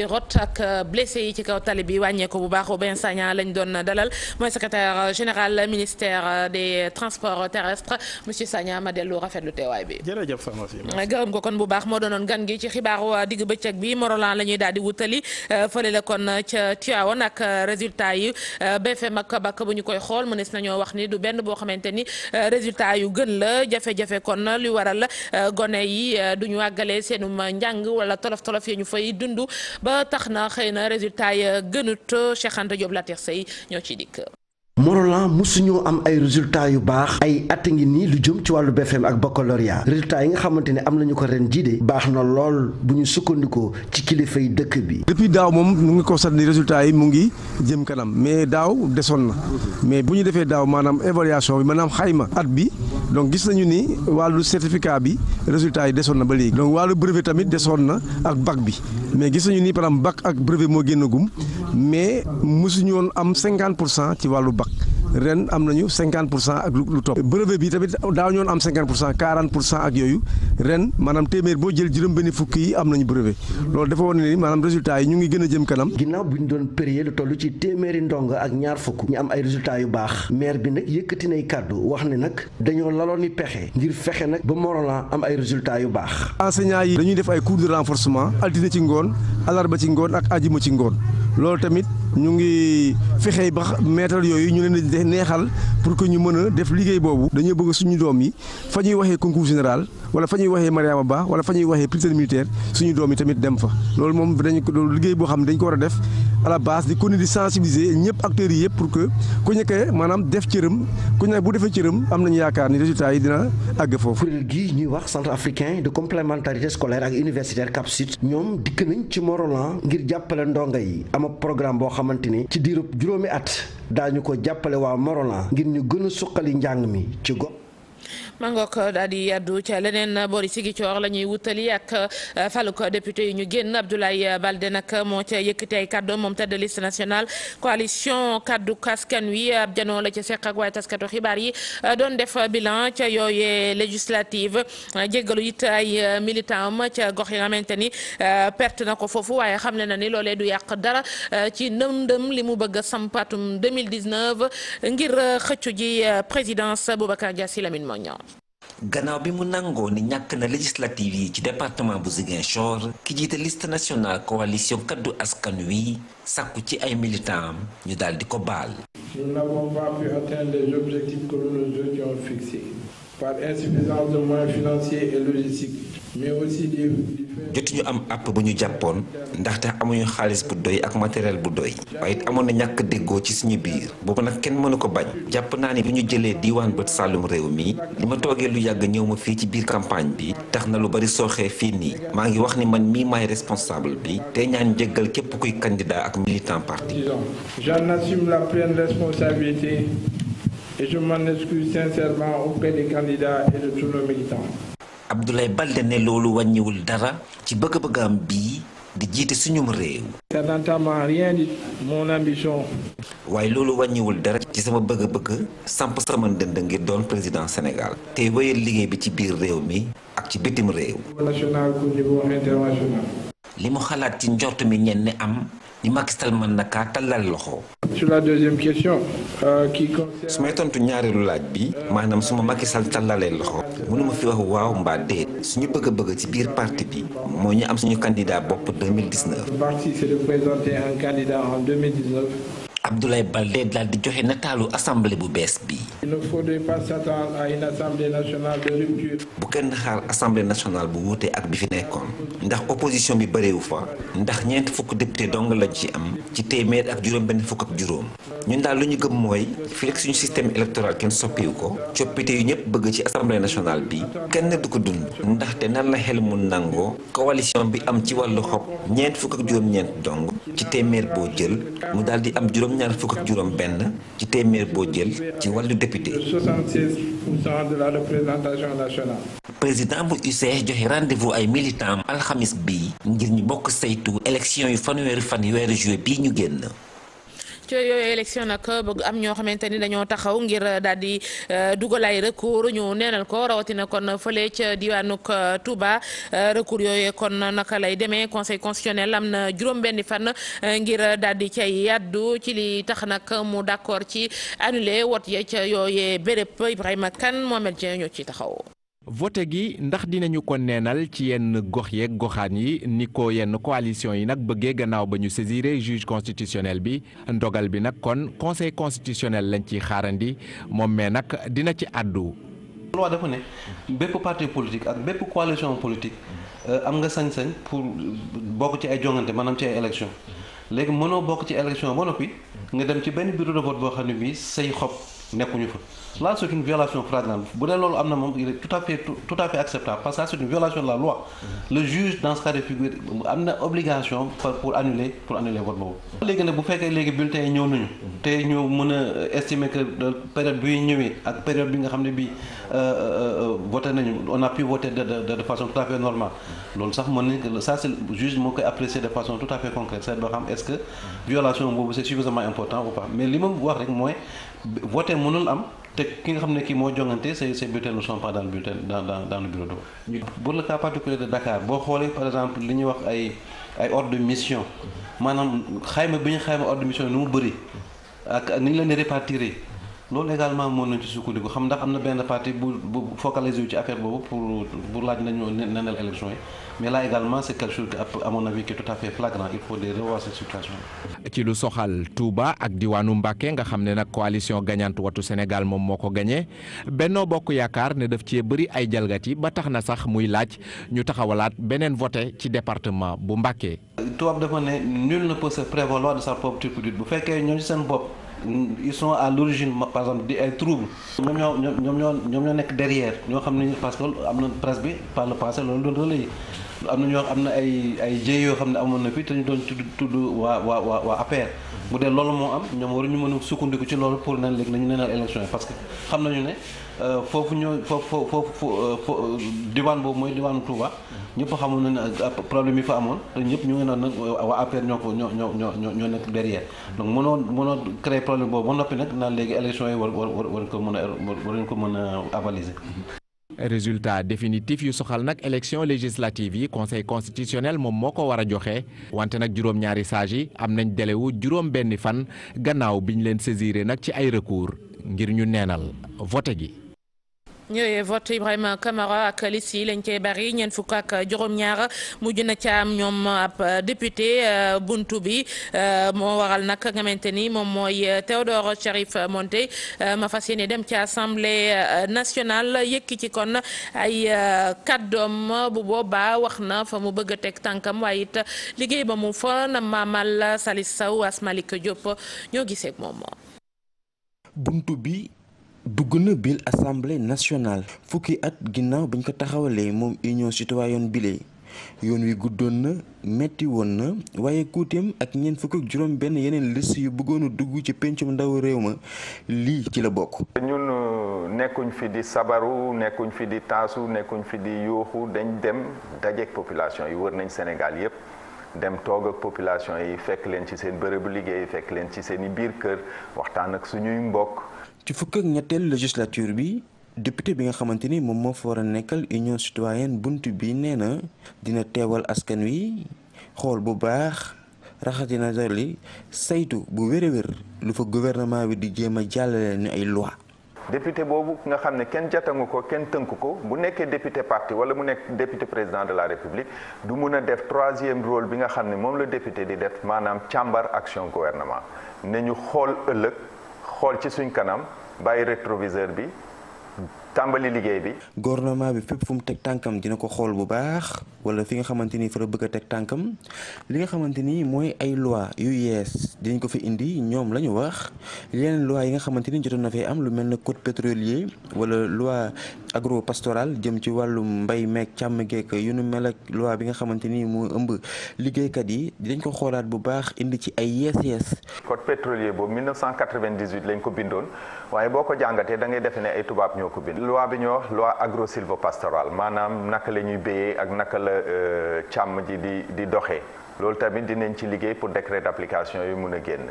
euh, euh, bi wàññeeku bu baax Aubin Sagna lañ doon dalal mooy secrétaire euh, général ministère des transports terrestres monsieur ma dellu rafetlu teewaay bi. jërëjëf soxna si gërëm ko kon bu baax moo doonoon gan gi ci xibaaru digg bëccëg bi Morolan la ñuy daal di wutali fële la kon ca Tivaouane ak résultat yi bu ñu koy xool mënees nañoo wax ni ni du benn boo xamante ni euh, résultat yu gën la jafe-jafe kon lu waral euh, gone yi euh, duñu ñu àggale njàng wala tolof-tolof yi ñu fay dundu ba tax na xëy na résultat ya gënut Cheikh Anta Diop Latir ñoo ci dikk Morolan musuñoo am ay résultat yu baax ay at ngi nii lu jëm ci wàllu BFM ak baccalauréat résultat yi nga xamante ne am nañu ko ren jii baax na lool bu ñu sukkandikoo ci kilifa yi dëkk bi. depuis daaw moom mu ngi constaté ni résultats yi mu ngi jëm kanam mais daaw desoon na mais bu ñu defee daaw maanaam évaluation bi maanaam xayma at bi donc gis nañu ni wàllu certificat bi résultats yi desoon na ba léegi. donc wàllu brevet tamit desoon na ak bac bi mais gis nañu ni par exemple bac ak brevet moo génnagum mais musuñu woon am 50 pour cent ci wàllu bac mag ren am nañu pour cent ak lu lu brevet bi tamit daaw ñoon am pour cent ak yooyu ren maanaam téeméer boo jël juróom-benn fukki yi am nañu brevet loolu dafa wane ni maanaam résultat yi ñu ngi gën a jëm kanam. ginnaaw bi ñu doon périer lu toll ci téeméeri ndongo ak ñaar fukk ñu am ay résultats yu baax maire bi nag yëkkati nay kàddu wax ne nag dañoo laloon ni pexe ngir fexe nag ba Morolan am ay résultats yu baax. enseignants yi dañuy def ay cours de renforcement altine ci ngoon alarba ci ngoon ak ajuma ci ngoon loolu tamit ñu ba maître yooyu neexal pour que ñu mën a def liggéey boobu. dañoo bëgg suñu doom yi fa ñuy waxee concours général. wala fa ñuy waxee Mariama Ba wala fa ñuy waxee prisonnier militaire suñu doom yi tamit dem fa loolu moom dañu ko loolu liggéey boo xam ne dañ ko war a def à la base di continuer di sensibiliser ñëpp acteurs yi yëpp pour que ku nekkee maanaam def cëram ku ne bu defee cëram am nañu yaakaar ni résultat yi dina àgg foofu. kuréel gii ñuy wax centre africain de complémentarité scolaire ak universitaire Cap Sud ñoom dikk nañ ci Morolan ngir jàppale ndongo yi ama programme boo xamante ni ci diirub juróomi at daañu ko jàppale waa Morolan ngir ñu gën a suqali njàng mi ci gox. ma ngoog daal di yàddu ca leneen boori Sigicoor la ñuy wutali ak uh, faluk député yi ñu génn Abdoulaye Balde nag moo ca yëkkati ay kàddoom moom tête de liste nationale coalition kaddu askan wi ab janoo la ca seq ak waaye taskatu xibaar yi uh, doon def bilan ca yooyee législative uh, jéggalu it ay militant am ca gox yi nga xamante ni perte na ko foofu waaye xam na ni loole du yàq dara ci ndëm-ndëm li mu bëgg a sampatum 2019 ngir xëccu ji présidence Boubacar Dia Sy Lamine Moñan gannaaw bi mu nangoo ni ñàkk na législative yi ci département bu Ziguinchor ki jiite liste nationale coalition kaddu askan wi sàkku ci ay militants am ñu daal di ko baal. par insuffisance jotuñu am app bu ñu jàppoon ndaxte amuñu xaalis bu doy ak matériel bu doy waaye it amoon na ñàkk déggoo ci suñu biir boobu nag kenn mënu ko bañ jàpp naa ni bu ñu jëlee diiwaan bët sàllum réew mi li ma toogee lu yàgg ñëw ma fii ci biir campagne bi tax na lu bari sooxee fii nii maa ngi wax ni man mii maay responsable bi tey ñaan jéggal képp kuy kandidaa ak militant parti. j'en assume la pleine responsabilité. et je m'en ne loolu wàññiwul dara ci bëgg-bëggam bii di jiite suñum réew. ça n'entame waaye loolu wàññiwul dara ci sama bëgg-bëgg samp sama ndënd ngir doon président Sénégal te wéyal liggéey bi ci biir réew mi ak ci bitim réew. national xalaat ci njort mi ñenn am. ni Macky Sall mën na kaa tallal loxo. sur la deuxième question. Euh, su may tontu ñaareelu laaj bi maanaam suma ma Macky Sall tallalee loxo mënuma fi wax waaw mbaa déet suñu bëgg-bëgg ci biir parti bi moo ñu am suñu kandidaa bopp 2019. parti c'est de présenter un candidat en Abdoulaye Baldé daal di joxe nataalu assemblée bu bees bi. bu kenn xaar assemblée nationale bu wuute ak bi fi nekkoon. ndax opposition bi bareewu fa. ndax ñeent fukk député dong lañ ci am. ci téeméer ak juróom benn fukk ak ñun daal lu ñu gëm mooy fii suñu système électoral kenn soppiwu ko coppite yu ñëpp bëgg ci assemblée nationale bi kenn du ko dund ndaxte nan la xel mu nangoo coalition bi am ci wàllu xob ñeent fukk ak dong ci téeméer boo jël mu daal am juróom juróom-ñaar fukk ci téeméer boo jël ci wàllu député. 76 président bu UCS e joxe rendez ay militant alxamis bi ngir ñi bokk saytu élection yu fanweeri fan weeru juillet bii ñu génn. ci yooyu élection nag bëgg am ñoo xamante ni dañoo taxaw ngir daal di euh, dugal ay recours ñu neenal ko rawatina kon fële ca diwaanug euh, Touba euh, recours yooyu kon naka lay demee conseil constitutionnel am na juróom-benni fan ngir daal di cay yàddu ci li tax nag mu d'accord ci annulé wot ya ca yooyee béréb Ibrahima Kane Mohamed Dieng ñoo ci taxaw. vote gi ndax dinañu ko neenal ci yenn gox yeeg goxaan yi ni ko yenn coalition yi nag bëggee gannaaw ba ñu saisiré juge constitutionnel bi ndogal bi nag kon conseil constitutionnel lañ ci xaarandi moom mais nag dina ci àddu. loi dafa ne bépp parti politique ak bépp coalition politique euh, am nga sañ-sañ pour bokk ci ay jongante maanaam ci ay élection léegi mënoo bokk ci élection ba noppi nga dem ci benn bureau de vote boo xam ne bii say xob nekkuñu fa. là c' une violation flagrante bu dee loolu am na moom tout à fait tout, à fait parce que là c' une violation de la loi le juge dans ce cas de figure am na obligation pour annuler pour annuler vote boobu léegi nag bu fekkee léegi bulletins yi ñëw nañu te ñu mën a estimer que période bi ñëwee ak période bi nga xam ne bii euh, euh, euh, voté nañu on a pu voter de de façon tout à fait normale loolu sax mën nañ que ça c' est juge moo koy apprécier de façon tout à fait concrète c'est am te ki nga xam ne kii moo jongante say say bulletins ne sont pas dans le bulletin dans dans le bureau de vote. boo xoolee par exemple li ñu wax ay ay ordre mission maanaam xayma bi ñu xayma ordre de mission nu mu bëri ak ni ñu leen di répartir. loolu également mën nañu ci sukkandiku xam ndax am na benn parti bu bu focalisé wu ci affaire boobu pour pour laaj nañu neneel élection yi mais là également c' est quelque chose à mon tout à fait il faut de revoir ci soxal Touba ak diwaanu Mbacké nga xam ne nag coalition gagnante watu Sénégal moom moo ko gagné Benno Bokk Yaakaar ne daf cee bëri ay jalgati ba tax na sax muy laaj ñu taxawalaat beneen voté ci département bu Mbacké. tubaab dafa ne nul ne peut sa propre turpitude bu fekkee ñoo seen bopp. ils son à l'origine par exemple di ay trouble ñoom ñoo ñoom ñoo ñoom ñoo nekk derrière ñoo xam ne parce que am na presse bi par le passé loolu doon relayer am na ñoo am na ay ay jéey yoo xam ne amoon na fi te ñu doon tudd tudd waa waa waa waa APR bu dee loolu moo am ñoom waruñu mën a sukkandiku ci loolu pour ne léegi nañu nenal élection yi parce que xam nañu ne Euh, foofu ñoo foofu foofu euh, diwaan boobu mooy diwaanu Touba. ñëpp xamoon na ne euh, problème yi fa amoon te ñu ngi naan nag waa ñoo ko ñoo ñoo ñoo ñoo nekk derrière. donc mënoo mënoo créer problème boobu ba noppi nag naa léegi élection yi war war war ko mën a war ko mën a avaliser. résultat définitif yu soxal nag élection législative yi conseil constitutionnel moom moo ko war a joxe wante nag juróom-ñaari sages yi am nañ délai juróom-benni fan gannaaw bi ñu leen saisiré nag ci ay recours ngir ñu neenal vote yooyu vote Ibrahima Camara ak liste yi lañ cey bari ñeent fukk ak juróom-ñaar mujj na ca am ñoom ab député euh, bunt bi euh, moo waral nag nga xamante ni moom mooy euh, Théodore Chérif Monté ma fas yéene dem ca assemblée nationale yëkki ci kon ay kàddoom bu boobaa wax na fa mu bëgg a teg tànkam waaye it liggéey ba mu fa na maamal Salis Sow Asmalik Diop ñoo gisee ak moom. dugg na biir assemblée nationale fukki at ginnaaw bañ ko taxawalee moom union citoyenne bile yoon wi guddoon na metti woon na waaye kuuteem ak ñeent fukk ak juróom benn yeneen liste yu bëggoon a dugg ci pencum ndaw réew ma lii ci la bokk. ñun euh, nekkuñ fi di sabaru nekkuñ fi di taasu nekkuñ fi di yuuxu dañ dem dajeek population yi wër nañ Sénégal yépp dem toog ak population yi fekk leen ci seen bërëbu liggéey fekk leen ci seen i biir kër waxtaan ak suñuy mbokk. ci fukk ak ñetteelu législature bi député bi nga xamante ni moom moo fa war a nekkal union citoyenne bunt bi nee na dina teewal askan wi xool bu baax raxatina dolli saytu bu wér-wér lu fa gouvernement bi di jéem a jàllale ñu ay loi député boobu nga xam ne kenn jatangu ko kenn tënk ko bu nekkee député parti wala mu nekk député président de la république du mun a def troisième rôle bi nga xam ne moom la député di def maanaam càmbar action gouvernement nañu xool ci suñ kanam bàyyi rétroviseur bi tàmbali liggéey bi. gouvernement bi fépp fu mu teg tànkam dina ko xool bu baax wala fi nga xamante ni fa la bëgg a teg tànkam li nga xamante ni mooy ay loi yu yees dinañ ko fi indi ñoom la ñu wax yeneen loi yi nga xamante ni jotoon na fee am lu mel ne code pétrolier wala loi agro pastoral jëm ci wàllu mbay meeg càmm geek yu nu mel ak loi bi nga xamante ni moo ëmb liggéeykat yi dinañ ko xoolaat bu baax indi ci ay yees yees. code pétrolier boobu 1998 lañ ko bindoon. waaye boo ko jàngatee dangay ngay defe ne ay tubaab ñoo ko bind loi bi ñuy wax loi agro silvopastoral maanaam naka la ñuy béyee ak naka la euh, càmm ji di di doxee loolu tamit dinañ ci liggéey pour décret d'application yu mun a génn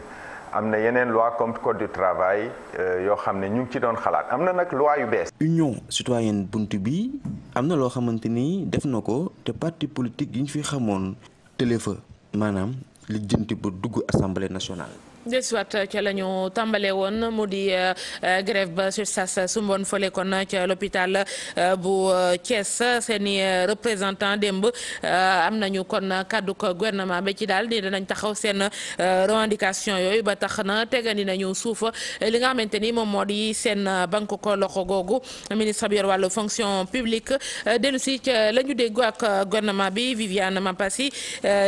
am na yeneen loi comme code du travail euh, yoo xam ne ñu ngi ci doon xalaat am na nag loi yu bees. union citoyenne bunt bi am na loo xamante ni def na ko te parti politique yi ñu fi xamoon tële fa maanaam li jënti ba dugg assemblée nationale. desiwaat ca la ñu tàmbale woon mu di euh, euh, grève ba SUTSAS sumboon fële kon ca l'hôpital euh, bu Thiès seen i représentant démb am nañu kon kàddu ko gouvernement ba ci daal ni danañ taxaw seen revendication yooyu ba tax na tegandi nañu suufa li nga xamante ni moom moo di seen banque ko loxo googu ministre bi yor wàllu fonction publique dellu si ca la ñu déggu ak gouvernement bi Viviane Mampassi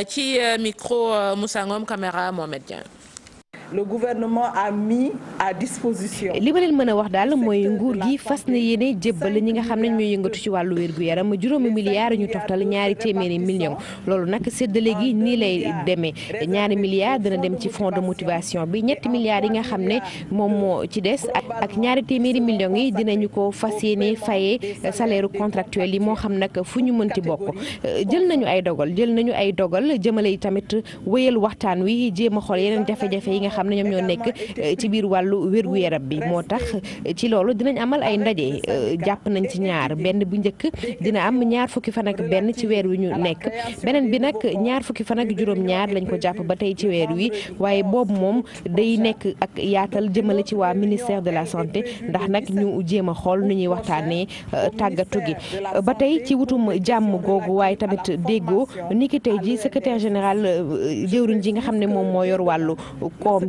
ci micro Moussa Ngom caméra Mohamed Dieng le gouvernement a mis disposition. li ma mën a wax daal mooy nguur gi fas na yéene jébbal ñi nga xam ne ñooy yëngatu ci wàllu wér gu yaram juróomi milliards ñu toftal ñaari téeméeri million loolu nag séddale gi nii lay demee ñaari milliar dana dem ci fonds de motivation bi ñetti milliar yi nga xam ne moom moo ci des ak ñaari téeméeri millions yi dinañu ko fas yéene faye salaire contractuel yi moo xam nag fu ñu mën ci bokk jël nañu ay dogal jël nañu ay dogal jëmale tamit wéyal waxtaan wi jéem a xool yeneen jafe yi nga xam ne ñoom ñoo nekk eh, ci biir wàllu wér-gu-yaram bi moo tax eh, ci loolu dinañ amal ay ndaje eh, jàpp nañ ci ñaar benn bu njëkk dina am ñaar fukki fan ak benn ci weer wi ñu nekk beneen bi nag ñaar fukki fan ak juróom-ñaar lañ ko jàpp ba tey ci weer wi waaye boobu moom day nekk ak yaatal jëmale ci waa ministère de la santé ndax nag ñu jéem a xool nu ñuy waxtaanee tàggatu gi ba tey ci wutum jàmm googu waaye tamit déggoo niki tey ji secretaire général jëwriñ ji nga xam ne moom moo yor wàllu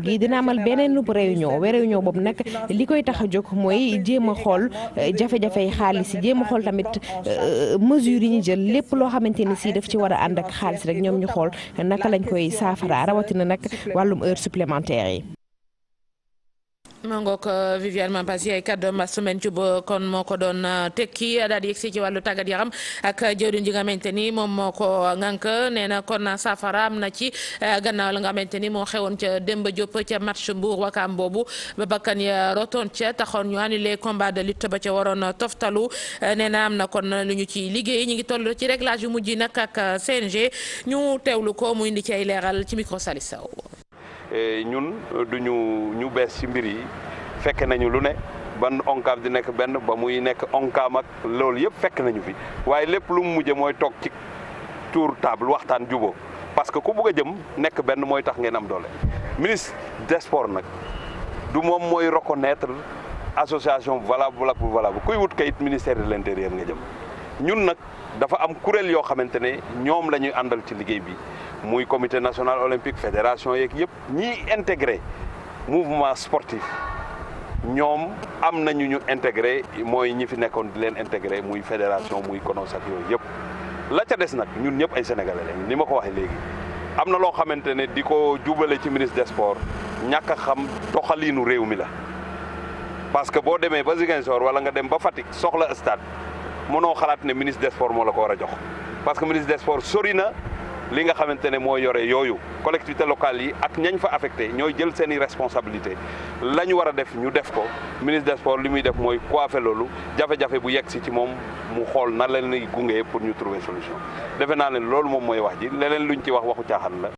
gi dina amal beneen réunion réunion boobu nag li koy tax a jóg mooy jéem a xool eh, jafe-jafey xaalis yi jéem a xool tamit eh, mesures yi ñu jël lépp loo xamante ni si daf ci war a ànd ak xaalis rek ñoom ñu xool naka lañ koy saafara rawatina nag wàllum heure supplémentaire yi ma ngoog euh, Viviane Mampas yaay kaddu Mbass Soumen Thioub kon moo ko doon euh, tekki daal di yegsi ci wàllu tàggat yaram ak jëwriñ ji nga xamante nii moom moo ko ŋànk nee na kon saafara am na ci euh, gannaaw la nga xamante ni moo xewoon ca Demba Diop ca match Mbour Wakaam boobu ba bakkan ya rotoon ca taxoon ñu annulé combat de lutte ba ca waroon toftalu nee na am na kon lu ñu ci liggéey ñu ngi toll ci réglage yu mujj nag ak CNG ñu tewlu ko mu indi ci ay leeral ci micro Salih Eh, ñun du ñu ñu bees ci mbir yi fekk nañu lu ne ban ONCAV di nekk benn ba muy nekk ONCAM ak loolu yëpp fekk nañu fi waaye lépp lu mu mujje mooy toog ci tour table waxtaan juboo parce que ku bëgg a jëm nekk benn mooy tax ngeen am doole ministre desport nag du moom mooy reconnaître association valable valable kuy wut kayit ministère de l'intérieur nga jëm ñun nag dafa am kuréel yoo xamante ne ñoom la ñuy àndal ci liggéey bi muy commité national olympique fédération yeeg yëpp ñiy intégré mouvement sportif ñoom am na ñu ñu intégré mooy ñi fi nekkoon di leen intégré muy fédération muy CONOSAT yooyu yëpp. la ca des nag ñun ñëpp ay sénégalais lañ ni ma ko waxee léegi am na loo xamante ne di ko jubale ci ministre de sports ñàkk xam doxaliinu réew mi la parce que boo demee ba Ziguinchor wala nga dem ba Fatick soxla stade. mënoo xalaat ne ministre des sports moo la ko war a jox parce que ministre des sports sori na li nga xamante ne moo yore yooyu collectivité locale yi ak ñañ fa affecté ñooy jël seen i responsabilité la ñu war a def ñu def ko ministre des sports li muy def mooy coiffé loolu jafe-jafe bu yegg si ci moom mu xool na leen lay gunge pour ñu trouver solution defe naa ne loolu moom mooy wax ji leneen ñu ci wax waxu caaxaan la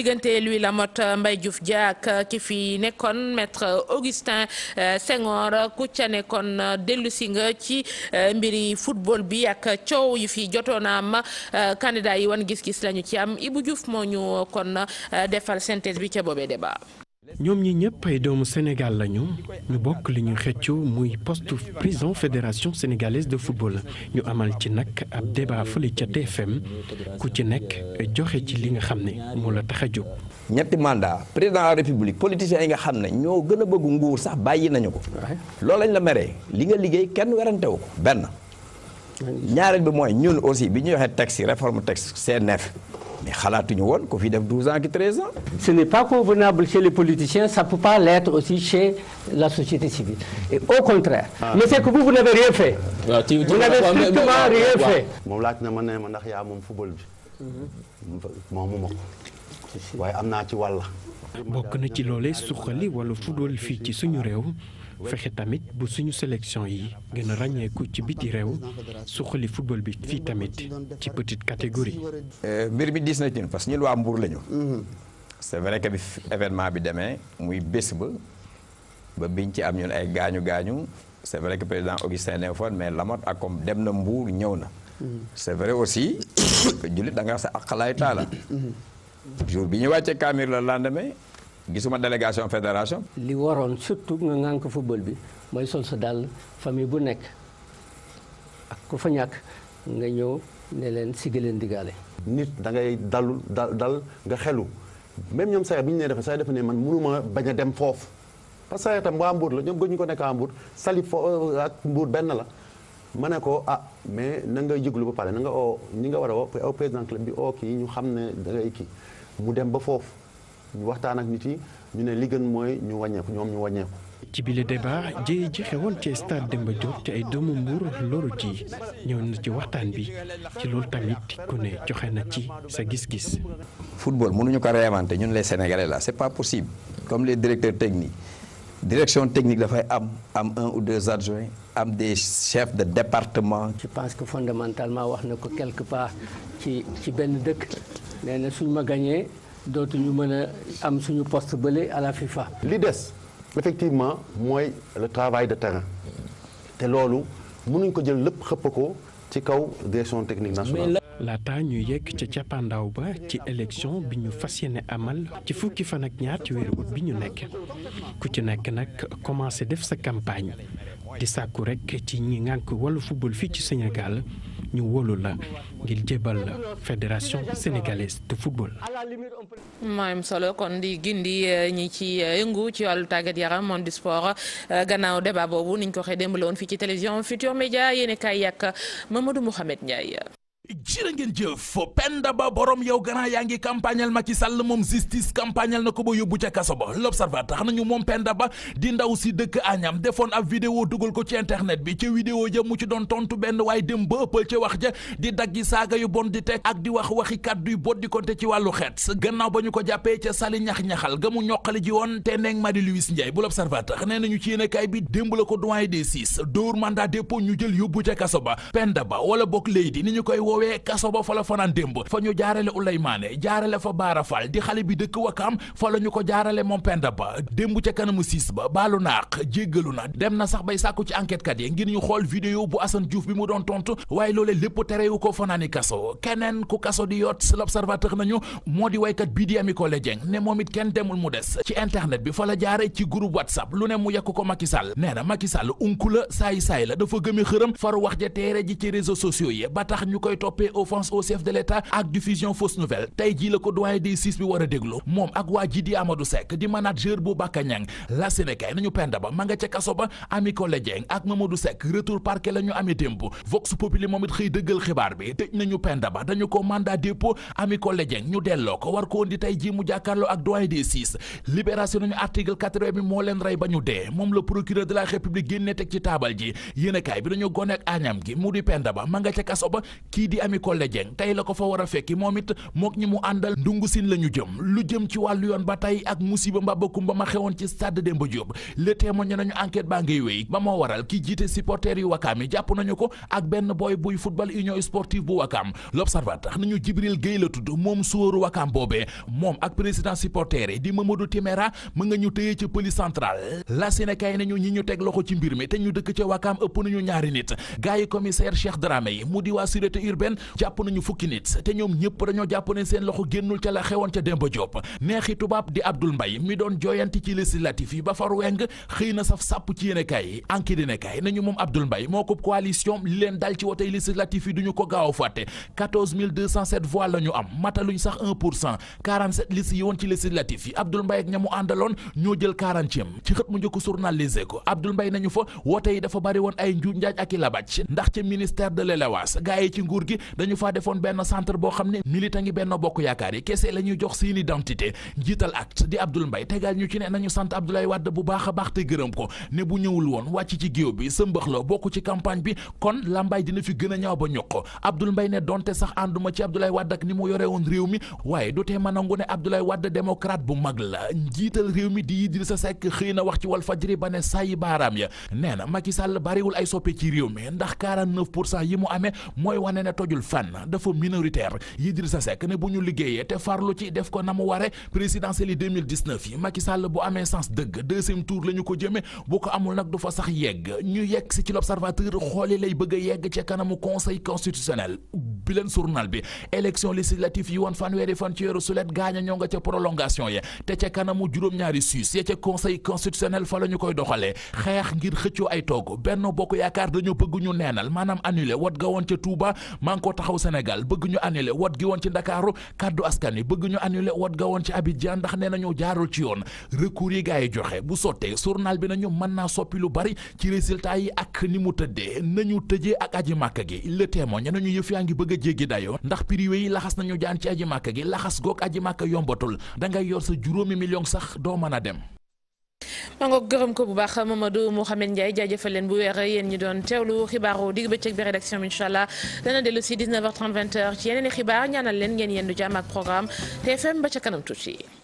diggante Louis Lamotte Mbaye Diouf Dia ak euh, ki fi nekkoon mettre Augustin euh, Senghor ku ca nekkoon euh, dellusi nga ci mbiri football bi ak coow yu fi jotoon am candidat yi wan gis-gis lañu ci am Ibou Diouf moo ñu kon defal synthèse bi ca boobee débat. ñoom ñi ñëpp ay doomu Sénégal lañu ñu bokk li ñu xëccoo muy poste prison fédération sénégalaise de football ñu amal ci nag ab débat fële ca TFM ku ci nekk joxe ci li nga xam ne moo la tax jóg. ñetti mandat président de la république politiciens yi nga xam ne ñoo gën a bëgg nguur sax bàyyi nañu ko. loolu lañ la meree li nga liggéey kenn werantewu ko benn. ñaareel bi mooy ñun aussi bi ñuy waxee texte réforme texte CNF. mais xalaatuñu woon ku fi def 12 ans ki 13 ans. ce n'est pas convenable chez les politiciens ça peut pas l'être la société civile et au contraire. Ah. mais c'est que vous vous n'avez rien fait. waaw ci vous n'avez rien fait. moom laaj na ma ne ma ndax yaa moom football bi. Mhm. moomu ma ko waaye am naa ci wàll. bokk na ci loole suqali wala football fii ci suñu réew. fexe tamit bu suñu sélection yi gën a ràññeeku ci biti réew suqali football bi fii tamit ci petite catégorie. Euh, mbir mi diis na ci ñun parce que ñun waa Mbour lañu. Mhm. c'est vrai que bi événement bi demee muy bés ba ba biñ ci am ñun ay gaañu gaañu c'est vrai que président Augustin Neufone mais Lamotte ak comme dem na Mbour ñëw na. Mhm. c'est vrai aussi que jullit da nga sa aqalaay taala mhm. jour bi ñu wàccee Kaamir la lendemain. gisuma délégation fédération. li waroon surtout nga ŋànk football bi mooy sol sa dàll famille bu nekk ak ku fa ñàkk nga ñëw ne leen si leen digaale. nit da ngay dalul dal dal nga xelu même ñoom saa bi ñu nee dafa saa dafa ne man mënuma bañ a dem foofu parce que saa tam waa Mbour la ñoom gëj ñu ko nekk waa Mbour sali fo euh, ak Mbour benn la. ma ne ko ah mais na nga yëglu ba pare na nga oo ñi nga war a woo président bi oo kii ñu xam ne dangay ngay kii mu dem ba foofu. waxtaan ak nit yi ñu ne li gën mooy ñu wàññeeku ñoom ñu wàññeeku. ci bile débat jéye ji xewoon ci stade Demba Diop te ay doomu Mbuur loru ji ñëw na ci waxtaan bi ci loolu tamit ku ne joxe na ci sa gis-gis. football mënuñu ko réinventer ñun les sénégalais là c'est pas possible comme les directeurs technique direction technique dafay am am un ou deux adjoints am des chefs de département. ci pense que fondamentalement wax na ko quelque part ci ci benn dëkk nee na suñu ma dootuñu mën a am suñu poste bële à la FIFA. li des effectivement mooy le travail de terrain te loolu mënuñ ko jël lépp xëpp ko ci kaw direction technique nationale. laata ñu yegg ca cappaandaw ba ci élection bi ñu fas yéene amal ci fukki fan ak ñaar ci weeru ut bi ñu nekk ku ci nekk nag commencé def sa campagne di sàkku rek ci ñi ngànk wàllu football fii ci Sénégal. ñu wóolu la ngir jébal la fédération sénégalaise de football. maam solo kon di gindi eh, ñi ci eh, yëngu ci wàllu tàggat yaram monde du sport eh, gannaaw débat boobu niñ ko waxee démb la woon fii ci télévision Futur Média yéen a kaay yàq Mamadou Mouhamed Ndiaye. jërë ngeen jëf Penda Ba borom yow grand yaa ngi campagnal Macky Sall moom justice campagnal na ko ba yóbbu ca kaso ba l'observateur tax nañu moom Penda Ba di ndaw si dëkk Agnam defoon ab vidéo dugal ko ci internet bi ca vidéo ja mu ci doon tontu benn waaye dem ba ëppal ca wax ja di daggi saaga yu bon di teg ak di wax waxi kàddu yu bot di ci wàllu xeet gannaaw ba ñu ko jàppee ca sali ñax-ñaxal ga mu ñoqali ji woon te neeg Marie Louise Ndiaye bu l'observateur nee nañu ci yéenekaay bi démb la ko ba Penda woowee kaso ba fa la fanaan démb fa ñu jaarale Ulay Maane jaarale fa Baara Fall di xale bi dëkk Wakaam fa la ñu ko jaarale moom Penda Ba démb ca kanamu siis ba baalu naaq jéggalu na dem na sax bay sàkku ci enquête kat yi ngir ñu xool vidéo bu Assane juuf bi mu doon tontu waaye loolee lépp terewu ko fanaani kaso keneen ku kaso di yoot l'observateur nañu moo di waykat bii di Ami Collé Dieng ne moom it kenn demul mu des ci internet bi fa la jaare ci groupe whatsapp lu mu yekk ko Macky Sall nee na Macky Sall unku la saay saay la dafa gëmi xërëm faru wax ja teere ji ci toppee offense au chef de l'État ak diffusion fausse nouvelle tey jii la ko doyen des six bi war a déglu moom ak waa ji di Amadou Seck di manager bu Baka Niang la Sénégal nañu penda ba ma nga ca kaso ba Ami Collé Dieng ak Mamadou Seck retour parquet la ñu amee démb Vox Populi moom it xëy dëggal xibaar bi tëj nañu penda ba dañu ko mandat dépôt Ami Collé Dieng ñu delloo ko war ko indi tey jii mu jàkkaarloo ak doyen des six libération nañu article 80 bi moo leen rey ba ñu dee moom le procureur de la république génne teg ci taabal ji yéenekaay bi dañu gone ak añam gi mu di penda ba ma nga ca kaso ba kii di Ami Collé Dieng tey la ko fa war a fekki moom it mook ñi mu àndal ndungu sin la ñu jëm lu jëm ci wàllu yoon ba tey ak musiba mba bakumba ma xewoon ci stade Demba Diop le témoin nañu enquête baa ngay wéy ba moo waral ki jiite supporters yu Wakaam yi jàpp nañu ko ak benn booy buy football union sportive bu Wakaam l'observateur nañu Jibril Gueye la tudd moom suwóoru Wakaam boobee moom ak président supporters yi di ma Mamadou Timéra mën nga ñu tëyee ca police centrale la Sénégal ñu teg loxo ci mbir mi te ñu dëkk ca Wakaam ëpp nañu ñaari nit gars yi benn jàpp nañu fukki nit te ñoom ñëpp dañoo jàpp ne seen loxo génnul ca la xewoon ca Demba Diop neexi tubaab di Abdoul Mbaye mi doon jooyanti ci législatif yi ba far weng xëy na saf sàpp ci yéene kaay anki dine nañu moom Abdoul Mbaye moo ko coalition li leen dal ci wotey législatif yi du ko gaaw fàtte 14 207 am mataluñ sax 1 pour cent législatif yi Abdoul Mbaye nañu fa wote yi dafa bari woon ay njuuj njaaj ak i labaaj ndax ci ministère de gi dañu faa defoon benn centre boo xam ne militant yi benn bokk yaakaar yi kese la ñuy jox seen identité njiital acte di Abdoul Mbaye tegal ñu ci ne nañu sant Abdoulaye Wade bu baax a baax te gërëm ko ne bu ñëwul woon wàcc ci géew bi sëmbaxloo bokk ci campagne bi kon lambaay dina fi gën a ñaaw ba ñok ko Abdoul Mbaye ne donte sax ànduma ci Abdoulaye Wade ak ni mu yore woon réew mi waaye du tee ma nangu ne Abdoulaye Wade démocrate bu mag la njiital réew mi di Idrissa Seck xëy na wax ci Walf Fadjri ba ne sàyyi baaraam ya nee na Macky Sall bariwul ay soppe ci réew mi ndax 49 tojul fenn dafa minoritaire Idrissa Seck ne bu ñu liggéeyee te farlu ci def ko na mu ware présidentielle yi 2019 bu amee sens dëgg deuxième tour la ko jëmee bu ko amul nag du fa sax yegg ñu yegg si ci l'observateur xooli lay bëgg a yegg kanamu conseil constitutionnel bi leen bi élection législative yi woon fanweeri fan ci weeru sulet gaaña ñoo nga ca prolongation ya te ca kanamu juróom-ñaari suisse ya ca conseil constitutionnel fa la koy doxalee Manko Taxawu Sénégal bëgg ñu annulé wot gi woon ci Ndakaaru kàddu askan wi bëgg ñu annulé wot ga woon ci Abidjan ndax nee nañu jaarul ci yoon recours yi gars yi joxe bu sottee journal bi nañu mën naa soppi lu bari ci résultat yi ak ni mu tëddee nañu tëjee ak aji màkk gi le témoin ñe nañu yëf yaa ngi bëgg a jéggi dayoo ndax privé yi laxas nañu jaan ci aji màkk gi laxas goog aji màkk yombatul dangay yor sa juróomi million sax doo mën a dem mangoog gërëm ko bu baax Mamadou Mouhamed Ndiaye jaajëfal leen bu weer yéen ñi doon teewlu xibaaru digg bëccëg bi rédaction bi incha allah dana dellu si 19h30 20h ci yeneen i xibaar ñaanal leen ngeen yendu jàmm ak programme TFM ba ca kanam tuuti.